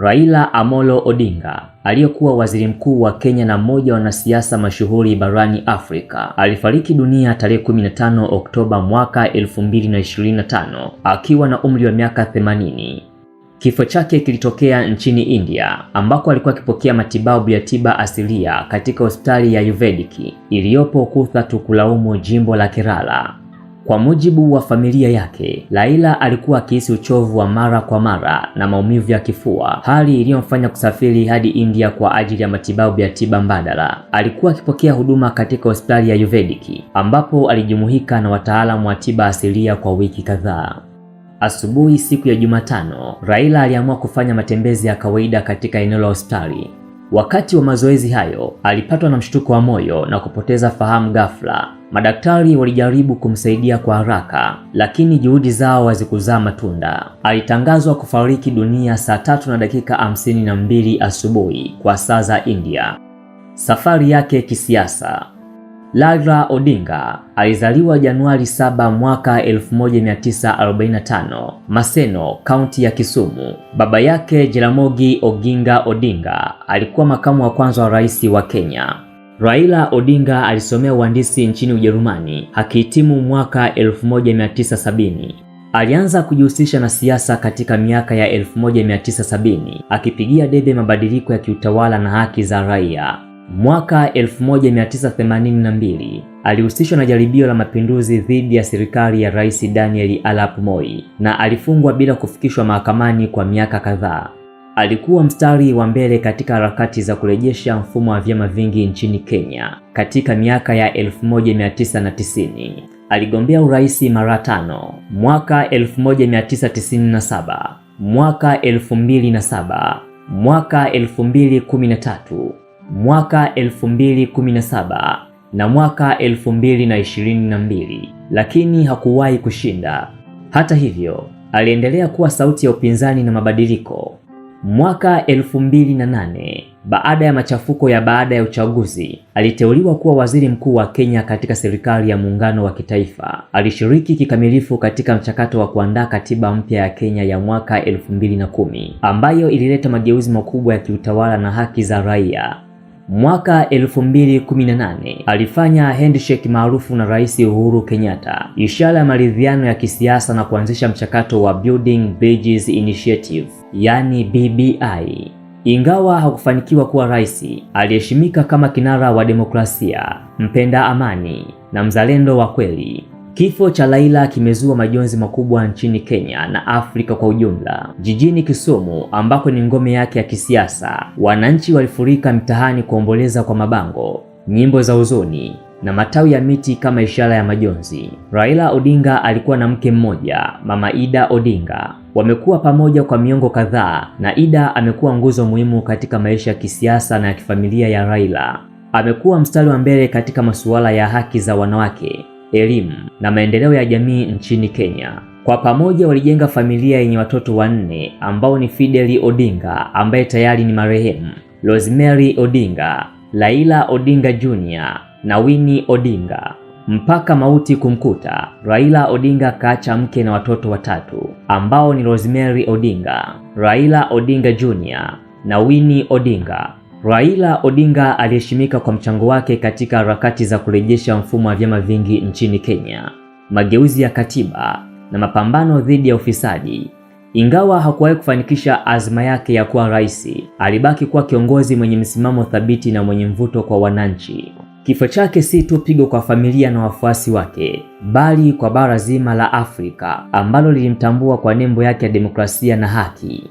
Raila Amolo Odinga aliyekuwa waziri mkuu wa Kenya na mmoja wa wanasiasa mashuhuri barani Afrika alifariki dunia tarehe 15 Oktoba mwaka 2025 akiwa na umri wa miaka 80. Kifo chake kilitokea nchini India ambako alikuwa akipokea matibabu ya tiba asilia katika hospitali ya Ayurvedic iliyopo Kutha Tukulaumu, jimbo la Kerala. Kwa mujibu wa familia yake, Laila alikuwa akihisi uchovu wa mara kwa mara na maumivu ya kifua, hali iliyomfanya kusafiri hadi India kwa ajili ya matibabu ya tiba mbadala. Alikuwa akipokea huduma katika hospitali ya Ayurvedic ambapo alijumuika na wataalamu wa tiba asilia kwa wiki kadhaa. Asubuhi siku ya Jumatano, Raila aliamua kufanya matembezi ya kawaida katika eneo la hospitali Wakati wa mazoezi hayo alipatwa na mshtuko wa moyo na kupoteza fahamu ghafla. Madaktari walijaribu kumsaidia kwa haraka, lakini juhudi zao hazikuzaa matunda. Alitangazwa kufariki dunia saa tatu na dakika hamsini na mbili asubuhi kwa saa za India. Safari yake kisiasa laila Odinga alizaliwa Januari 7 mwaka 1945 Maseno, kaunti ya Kisumu. Baba yake Jaramogi Oginga Odinga alikuwa makamu wa kwanza wa rais wa Kenya. Raila Odinga alisomea uhandisi nchini Ujerumani, akihitimu mwaka 1970. Alianza kujihusisha na siasa katika miaka ya 1970, akipigia debe mabadiliko ya kiutawala na haki za raia. Mwaka 1982 alihusishwa na jaribio la mapinduzi dhidi ya serikali ya Rais Daniel Arap Moi na alifungwa bila kufikishwa mahakamani kwa miaka kadhaa. Alikuwa mstari wa mbele katika harakati za kurejesha mfumo wa vyama vingi nchini Kenya katika miaka ya 1990. Aligombea urais mara tano, mwaka 1997, mwaka 2007, mwaka 2013 mwaka 2017 na mwaka 2022, lakini hakuwahi kushinda. Hata hivyo, aliendelea kuwa sauti ya upinzani na mabadiliko. Mwaka 2008, baada ya machafuko ya baada ya uchaguzi, aliteuliwa kuwa waziri mkuu wa Kenya katika serikali ya muungano wa kitaifa. Alishiriki kikamilifu katika mchakato wa kuandaa katiba mpya ya Kenya ya mwaka 2010 ambayo ilileta mageuzi makubwa ya kiutawala na haki za raia. Mwaka 2018 alifanya handshake maarufu na Rais Uhuru Kenyatta, ishara ya maridhiano ya kisiasa na kuanzisha mchakato wa Building Bridges Initiative, yani BBI. Ingawa hakufanikiwa kuwa rais, aliheshimika kama kinara wa demokrasia, mpenda amani na mzalendo wa kweli. Kifo cha Laila kimezua majonzi makubwa nchini Kenya na Afrika kwa ujumla. Jijini Kisumu ambako ni ngome yake ya kisiasa, wananchi walifurika mitaani kuomboleza kwa mabango, nyimbo za huzuni na matawi ya miti kama ishara ya majonzi. Raila Odinga alikuwa na mke mmoja, Mama Ida Odinga. Wamekuwa pamoja kwa miongo kadhaa na Ida amekuwa nguzo muhimu katika maisha ya kisiasa na ya kifamilia ya Raila. Amekuwa mstari wa mbele katika masuala ya haki za wanawake elimu na maendeleo ya jamii nchini Kenya. Kwa pamoja walijenga familia yenye watoto wanne ambao ni Fidel Odinga ambaye tayari ni marehemu, Rosemary Odinga, Raila Odinga Jr. na Winnie Odinga. Mpaka mauti kumkuta, Raila Odinga kaacha mke na watoto watatu ambao ni Rosemary Odinga, Raila Odinga Jr. na Winnie Odinga. Raila Odinga aliheshimika kwa mchango wake katika harakati za kurejesha mfumo wa vyama vingi nchini Kenya, mageuzi ya katiba na mapambano dhidi ya ufisadi. Ingawa hakuwahi kufanikisha azma yake ya kuwa rais, alibaki kuwa kiongozi mwenye msimamo thabiti na mwenye mvuto kwa wananchi. Kifo chake si tu pigo kwa familia na wafuasi wake, bali kwa bara zima la Afrika ambalo lilimtambua kwa nembo yake ya demokrasia na haki.